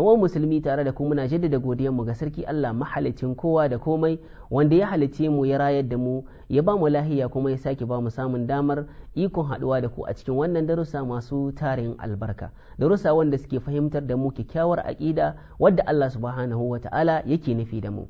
uwan musulmi tare da ku muna jaddada mu ga sarki Allah mahalicin kowa da komai wanda ya halicce mu ya rayar da mu ya ba mu lahiya kuma ya sake ba mu samun damar ikon haɗuwa da ku a cikin wannan darussa masu tarin albarka darussa wanda suke fahimtar da mu kyakkyawar aƙida wadda Allah subhanahu wa ta'ala yake nufi da mu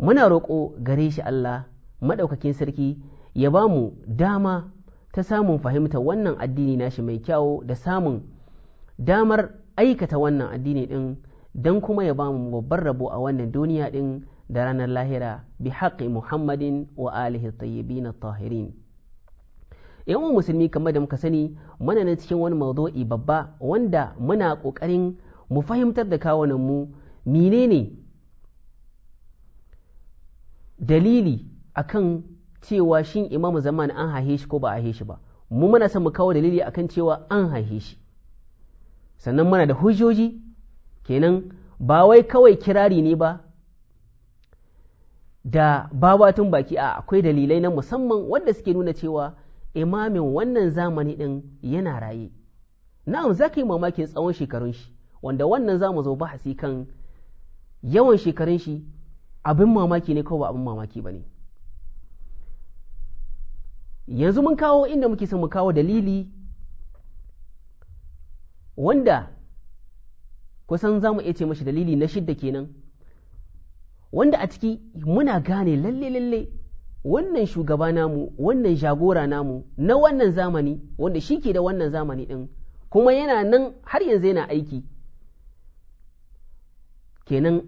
muna roƙo gare shi Allah madaukakin sarki ya ba mu dama ta samun fahimtar wannan addini nashi mai kyau da samun damar aikata wannan addini din dan kuma ya bamu babban rabo a wannan duniya din da ranar lahira bi haƙƙi muhammadin wa alihi tayyibin tahirin yan uwan musulmi kamar da muka sani muna na cikin wani maudu'i babba wanda muna ƙoƙarin mu fahimtar da kawunan mu menene dalili akan cewa shin imamu zaman an haihe ko ba a haihe ba mu muna son mu kawo dalili akan cewa an haihe sannan muna da hujjoji kenan ba wai kawai kirari ne ba da babatun baki a akwai dalilai na musamman wanda suke nuna cewa imamin wannan zamani ɗin yana raye na'am za ka yi mamakin tsawon shekarun shi wanda wannan za mu zo ba kan yawan shekarun shi abin mamaki ne ko ba abin mamaki ba ne yanzu mun kawo inda muke son mu kawo dalili wanda kusan za mu iya ce mashi dalili na shidda kenan wanda a ciki muna gane lalle lalle wannan shugaba namu wannan jagora namu na wannan zamani wanda shi ke da wannan zamani ɗin kuma yana nan har yanzu yana aiki kenan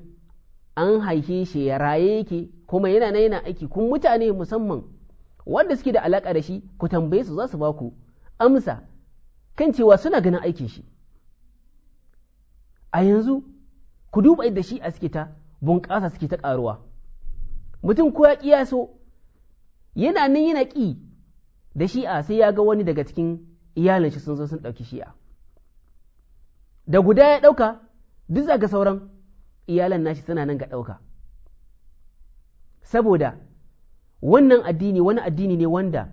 an haife shi ya raye yake kuma yana nan yana aiki kun mutane musamman wanda suke da alaka da shi ku tambaye su za su ba ku amsa kan cewa suna ganin aikin shi a yanzu ku duba yadda shi a suke ta bunƙasa suke ta ƙaruwa mutum ko ya ƙiyaso yana nan yana ƙi da shi'a sai ya ga wani daga cikin iyalin shi sun zo sun ɗauki shi'a da guda ya ɗauka duk za sauran iyalan nashi suna nan ga ɗauka saboda wannan addini wani addini ne wanda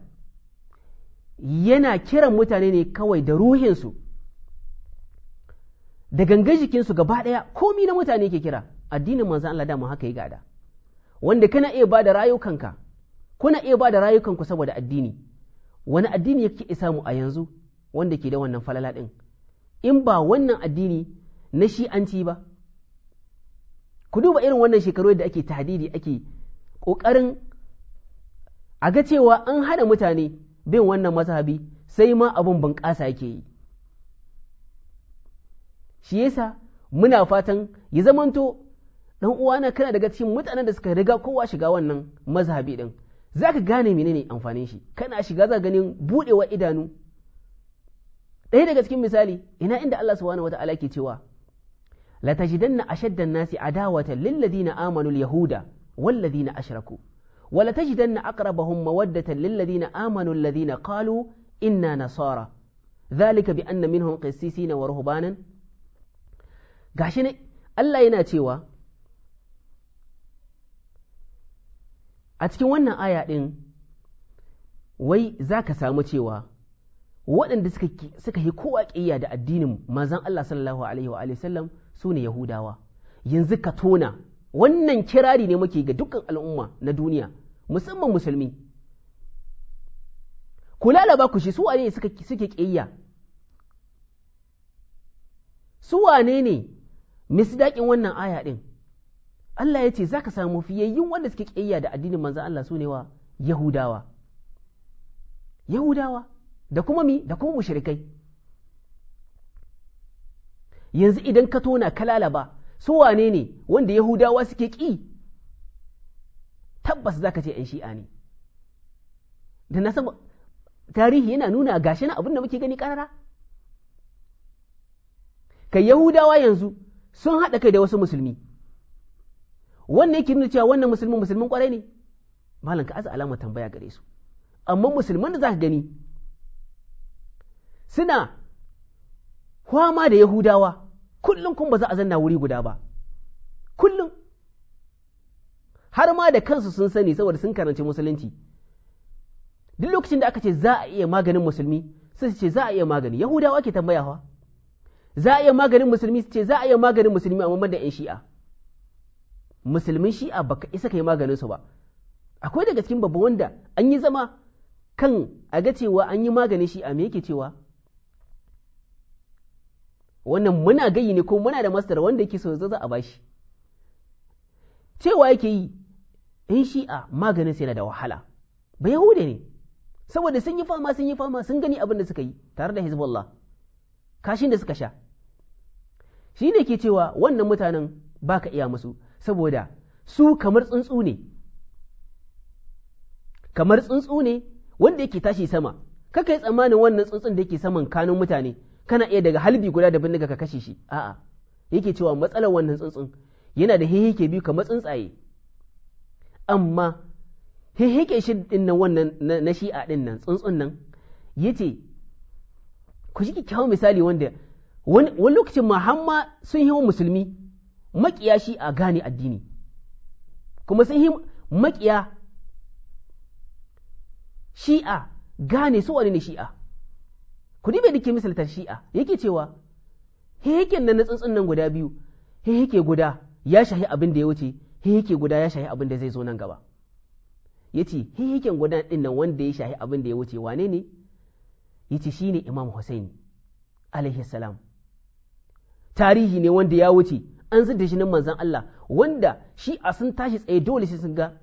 yana kiran mutane ne kawai da ruhinsu da ganga jikinsu gaba ɗaya komi na mutane ke kira addinin manzan Allah dama haka yi gada wanda kana iya ba da rayukanka kuna iya ba da rayukanku saboda addini wani addini yake isa mu a yanzu wanda ke da wannan falala ɗin in ba wannan addini na shi an ci ba ku duba irin wannan shekaru da ake tahdidi ake ƙoƙarin a ga cewa an hana mutane bin wannan mazhabi sai ma abin bunƙasa yake yi shi yasa muna fatan ya zamanto dan uwana kana daga cikin mutanen da suka riga kowa shiga wannan mazhabi din zaka gane menene amfanin shi kana shiga za ganin budewa idanu ɗaya daga cikin misali ina inda Allah subhanahu wata'ala ke cewa la tajidanna ashaddan nasi adawatan lil ladina amanu al yahuda wal ladina ashraku wa la tajidanna aqrabahum mawaddatan lil ladina amanu alladhina qalu inna nasara dhalika bi anna minhum qissisina wa nan. gashi ne Allah yana cewa a cikin wannan aya ɗin wai za ka samu cewa waɗanda suka yi kowa ƙiyya da addinin mazan Allah sallallahu alaihi wa sallam su ne Yahudawa yanzu ka tona wannan kirari ne muke ga dukkan al'umma na duniya musamman musulmi ku lalaba ku shi su wane suke ƙiyya su wane ne misdaƙin wannan aya ɗin Allah ya ce za ka samu fiyayyun wanda suke ƙiyayya da addinin manzan Allah su ne wa Yahudawa Yahudawa da kuma mi da kuma mushrikai yanzu idan ka tona kalala ba su wane ne wanda Yahudawa suke ƙi tabbas za ka ce ‘yan shi'a ne da na san tarihi yana nuna gashi na abin da muke gani ƙarara Ka Yahudawa yanzu sun haɗa kai da wasu musulmi wannan yake nuna cewa wannan musulmin musulmin kwarai ne malam ka aza alama tambaya gare su amma musulman da za ka gani suna kwama da yahudawa kullum kun ba za a zanna wuri guda ba kullum har ma da kansu sun sani saboda sun karanci musulunci duk lokacin da aka ce za a iya maganin musulmi sai su ce za a iya magani yahudawa ke tambaya za a iya maganin musulmi su ce za a iya maganin musulmi a mamman da 'yan shi'a musulmin shi'a baka isa ka yi maganin su ba akwai daga cikin babba wanda an yi zama kan a ga cewa an yi maganin shi'a me yake cewa wannan muna gayi ne ko muna da masar wanda yake so za a bashi cewa yake yi in shi'a maganin sai da wahala ba yahuda ne saboda sun yi fama sun yi fama sun gani abin da suka yi tare da hezbollah kashin da suka sha shi ne ke cewa wannan mutanen ba ka iya musu saboda su kamar tsuntsu ne kamar tsuntsu ne wanda yake tashi sama kaka yi tsammanin wannan tsuntsun da yake saman kanun mutane kana iya daga halbi guda da bindiga ka kashe shi a'a yake cewa matsalar wannan tsuntsun yana da heheke biyu kamar tsuntsaye amma heheke shi din nan wannan na shi'a din nan tsuntsun nan yace ku ji kyakkyawan misali wanda wani lokacin mahamma sun yi musulmi makiya shi a gane addini kuma sun yi makiya shi'a gane su wani ne shi'a ku dibe da ke misaltar shi'a yake cewa yake nan na tsuntsun nan guda biyu heke guda ya shahi abin da ya wuce heke guda ya shahi abin da zai zo nan gaba yace heken guda din nan wanda ya shahi abin da ya wuce wane ne yace shine Imam Hussein alaihi salam tarihi ne wanda ya wuce an da shi nan manzon Allah wanda shi a sun tashi tsaye dole sai sun ga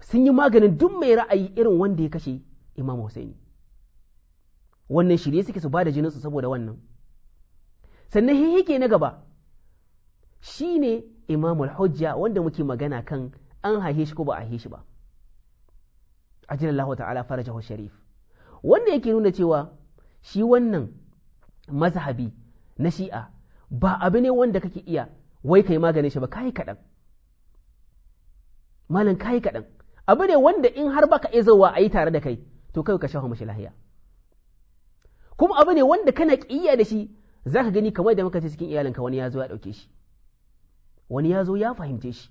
sun yi maganin duk mai ra'ayi irin wanda ya kashe Imam Hussein wannan shirye suke su bada su saboda wannan sannan hihike na gaba shi ne imamul hujja wanda muke magana kan an haihe shi ko ba a haihe shi ba ajilallahu ta'ala farajahu sharif wanda yake nuna cewa shi wannan mazhabi na shi'a ba abu ne wanda kake iya wai kai maganin shi ba kayi kaɗan malam kayi kaɗan abu ne wanda in har baka iya zowa a tare da kai to kai ka shafa mashi lahiya kuma abu ne wanda kana ƙiyya da shi za ka gani kamar da muka ce cikin iyalinka wani ya zo ya ɗauke shi wani ya zo ya fahimce shi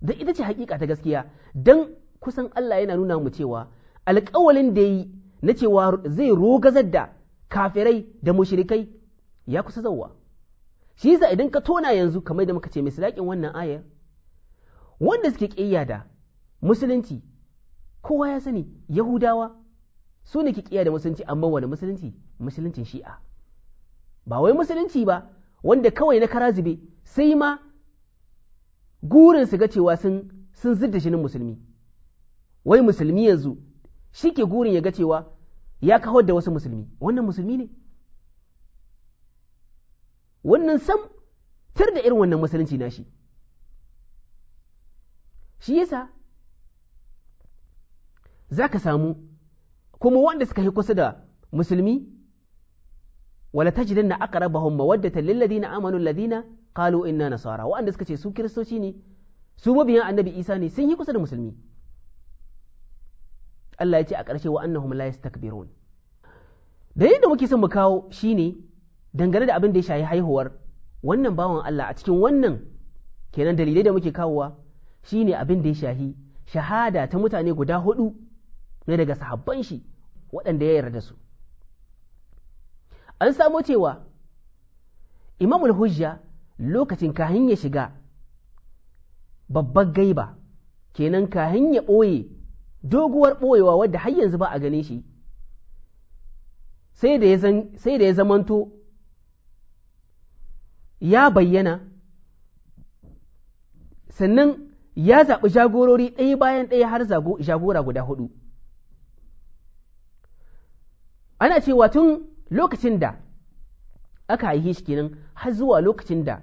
da ita ce hakika ta gaskiya Dan kusan Allah yana nuna mu cewa alƙawalin da ya yi na cewa zai rogazar da kafirai da mushirikai. ya kusa zauwa shi yasa idan ka tona yanzu kamar da muka ce misalakin wannan ayar wanda suke ƙiyya da musulunci kowa ya sani yahudawa su ne ke ƙiyya da musulunci amma wani musulunci musuluncin shi'a ba wai musulunci ba wanda kawai na kara zube sai ma gurin su ga cewa sun sun zidda jinin musulmi wai musulmi yanzu shi ke gurin ya ga cewa ya kawar da wasu musulmi wannan musulmi ne wannan sam tar da irin wannan musulunci nashi shi yasa za ka samu kuma wanda suka yi kusa da musulmi wala tajidanna aqrabahum mawaddatan lil ladina amanu alladhina qalu inna nasara wanda suka ce su kiristoci ne su mabiyan annabi isa ne sun yi kusa da musulmi Allah ya ce a ƙarshe wa annahum la yastakbirun dalilin da muke son mu kawo shine dangane da abin da ya shayi haihuwar wannan bawan Allah a cikin wannan kenan dalilai da muke kawowa shine abin da ya shahi shahada ta mutane guda hudu ne daga sahabban shi waɗanda ya yarda su an samo cewa imamul hujja lokacin kahin ya shiga babbar gaiba kenan kahin ya ɓoye doguwar ɓoyewa wadda har yanzu ba a gane shi sai da ya zamanto ya bayyana sannan ya zaɓi jagorori ɗaya bayan ɗaya har jagora guda hudu ana cewa tun lokacin da aka haihi shi kenan har zuwa lokacin da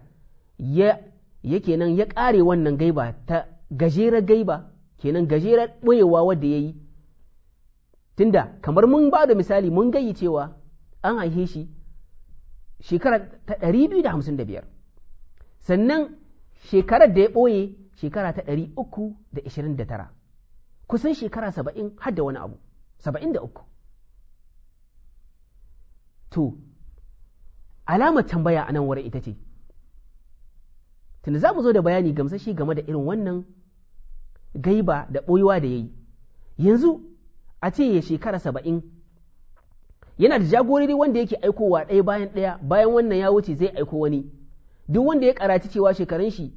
ya yake ya ƙare wannan gaiba ta gajeren gaiba kenan gajeren ɓoyewa wadda ya yi tunda kamar mun ba da misali mun gayi cewa an haife shi shekara ta 255 sannan shekarar da ya ɓoye shekara ta 329 kusan shekara 70 har da wani abu 73 to alamar tambaya a nan wurin ita ce tunda za mu zo da bayani gamsashi game da irin wannan gaiba da ɓoyuwa da ya yi yanzu a ce ya shekara saba'in yana da jagorori wanda yake aikowa ɗaya bayan ɗaya bayan wannan ya wuce zai aiko wani duk wanda ya karaci cewa shekarun shi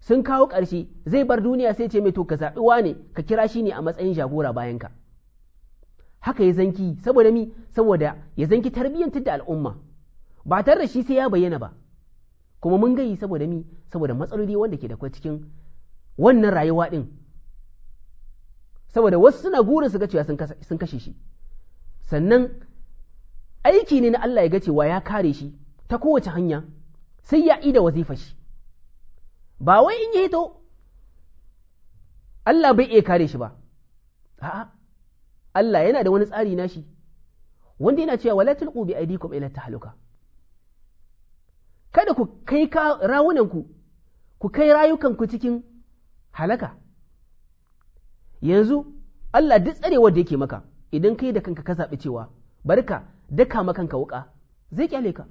sun kawo ƙarshe zai bar duniya sai ce mai to ka zaɓi wane ka kira shi ne a matsayin jagora bayan ka haka ya zanki saboda mi saboda ya zanki tarbiyyantar da al'umma ba tare da shi sai ya bayyana ba kuma mun gayi saboda mi saboda matsaloli wanda ke da cikin wannan rayuwa ɗin saboda wasu suna gurin su ga cewa sun kashe shi sannan aiki ne na Allah ya ga cewa ya kare shi ta kowace hanya sai ya ida wazifar shi ba wai in yi to Allah bai iya kare shi ba a'a Allah yana da wani tsari na shi wanda yana cewa wala tulqu bi aydikum ila tahluka kada ku kai rawunanku ku kai rayukanku cikin halaka yanzu Allah duk tsarewa da yake maka idan kai da kanka ka zaɓi cewa barka daka makanka wuƙa zai kyale ka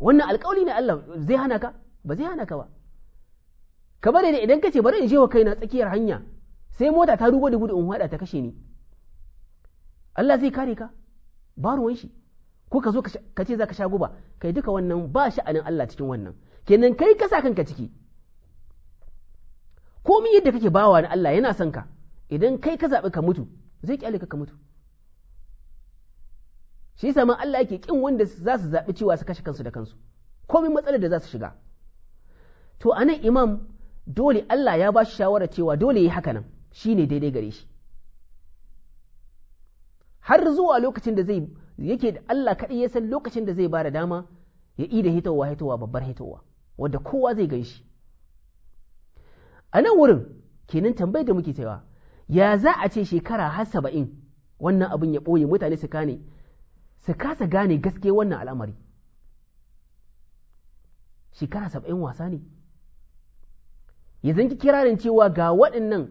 wannan alƙawli ne Allah zai hana ka ba zai hana ka ba ka bare da idan kace bari in je wa kaina tsakiyar hanya sai mota ta rugo da gudu in hada ta kashe ni Allah zai kare ka ba ruwan shi ko ka zo ka ce za ka sha guba kai duka wannan ba sha'anin Allah cikin wannan kenan kai ka sa kanka ciki komai yadda kake bawa na Allah yana son ka idan kai ka zaɓi ka mutu zai ƙyale ka ka mutu shi yasa ma Allah yake kin wanda za su zaɓi cewa su kashe kansu da kansu komai matsalar da za su shiga to a nan imam dole Allah ya ba shi shawara cewa dole ya yi haka nan Shi ne daidai gare shi har zuwa lokacin da zai yake da Allah kaɗai ya san lokacin da zai ba da dama ya ida hitowa hitowa babbar hitowa wadda kowa zai gan shi a nan wurin kenan tambayar da muke taiwa ya za a ce shekara har saba'in wannan abin ya ɓoye mutane su kane su kasa gane gaske wannan al'amari shekara saba'in wasa ne ya zanki kirarin cewa ga waɗannan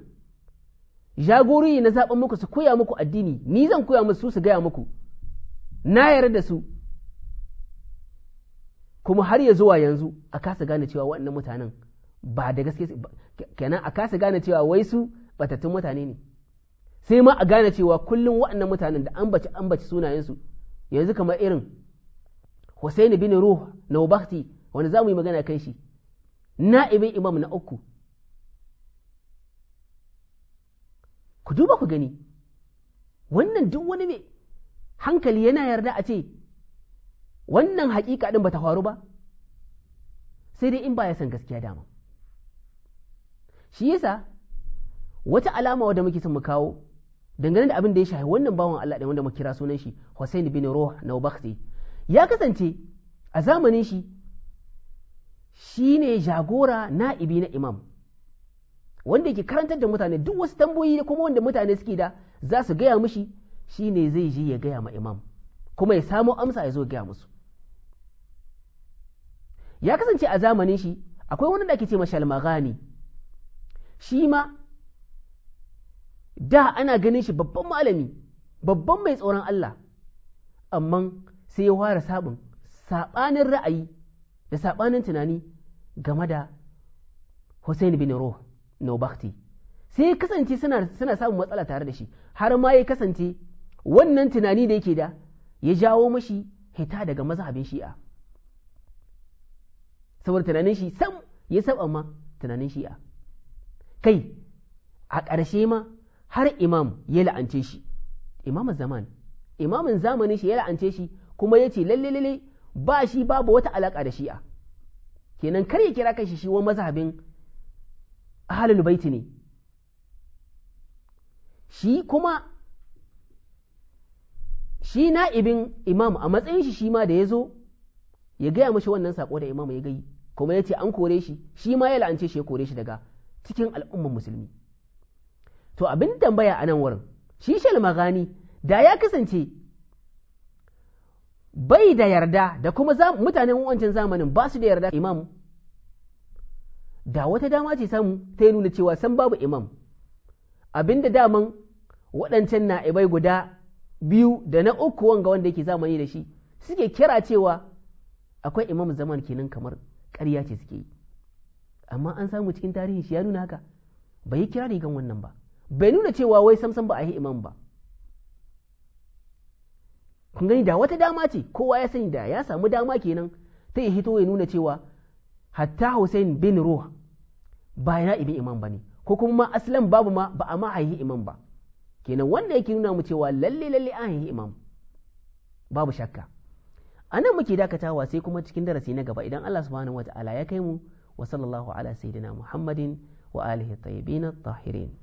jagorori na zaɓen muku su koya muku addini ni zan koya musu su gaya muku na yarda da su kuma har ya zuwa yanzu a kasa gane cewa waɗannan mutanen ba da gaske kenan a kasa gane cewa wai su batattun mutane ne sai ma a gane cewa kullum waɗannan mutanen da an ambaci ambaci sunayensu yanzu kamar irin Hussein bin Ruh na Ubakti wanda za mu yi magana kan shi na'ibin imam na uku ku duba ku gani wannan duk wani mai hankali yana yarda a ce wannan hakika din bata faru ba sai dai in ba ya san gaskiya dama shi yasa wata alama wadda muke mu kawo dangane da abin da ya shahi wannan bawan Allah ɗaya wanda mu kira sunan shi Hussein bin Ruh Nawbakhti ya kasance a zamanin shi shine jagora na'ibi na imam wanda ke karantar da mutane duk wasu tambayoyi da kuma wanda mutane suke da za su gaya mishi shine zai je ya gaya ma imam kuma ya samo amsa ya zo gaya musu ya kasance a zamanin shi akwai wani da ake ce shalmagani shi ma da ana ganin shi babban malami babban mai tsoron Allah amma sai ya fara sabon saɓanin ra'ayi da sabanin tunani game da Hussein bin Ruh Nobakti sai ya kasance suna, suna samun matsala tare da shi har ma ya kasance wannan tunani da yake da ya jawo mashi hita daga mazhabin shi'a saboda tunanin shi sam ya saba ma tunanin shi'a kai a ƙarshe ma har imam ya la'ance shi imam zaman imamin zamani shi ya la'ance shi kuma yace ce lalle lalle ba shi babu wata alaka da shi'a kenan kar ya kira kai shi wani mazhabin ahlul baiti ne shi kuma shi na'ibin imam a matsayin shi shi ma da ya zo ya gaya mashi wannan sako da imam ya gayi kuma ya ce an kore shi shi ma ya la'ance shi ya kore shi daga cikin al'ummar musulmi to abin tambaya a nan wurin shi shal magani da ya kasance bai da yarda da kuma mutanen wancan zamanin ba su da yarda imam da wata dama ce samu ta nuna cewa san babu imam abinda daman waɗancan na'ibai guda biyu da na uku wanga wanda yake zamani da shi suke kira cewa akwai imam zaman kenan kamar ƙarya ce suke yi amma an samu cikin tarihi shi ya nuna haka bai yi kira rigan wannan ba bai nuna cewa wai samsam ba a yi imam ba kun gani da wata dama ce kowa ya sani da ya samu dama kenan ta yi hito ya nuna cewa hatta Hussein bin Ruh ba ya ibin imam ba ne ko kuma ma aslan babu ma ba a ma a yi imam ba kenan wanda yake nuna mu cewa lalle lalle an yi imam babu shakka a nan muke dakatawa sai kuma cikin darasi na gaba idan Allah subhanahu wa ta'ala ya kai mu wa sallallahu ala sayyidina Muhammadin wa alihi tayyibin tahirin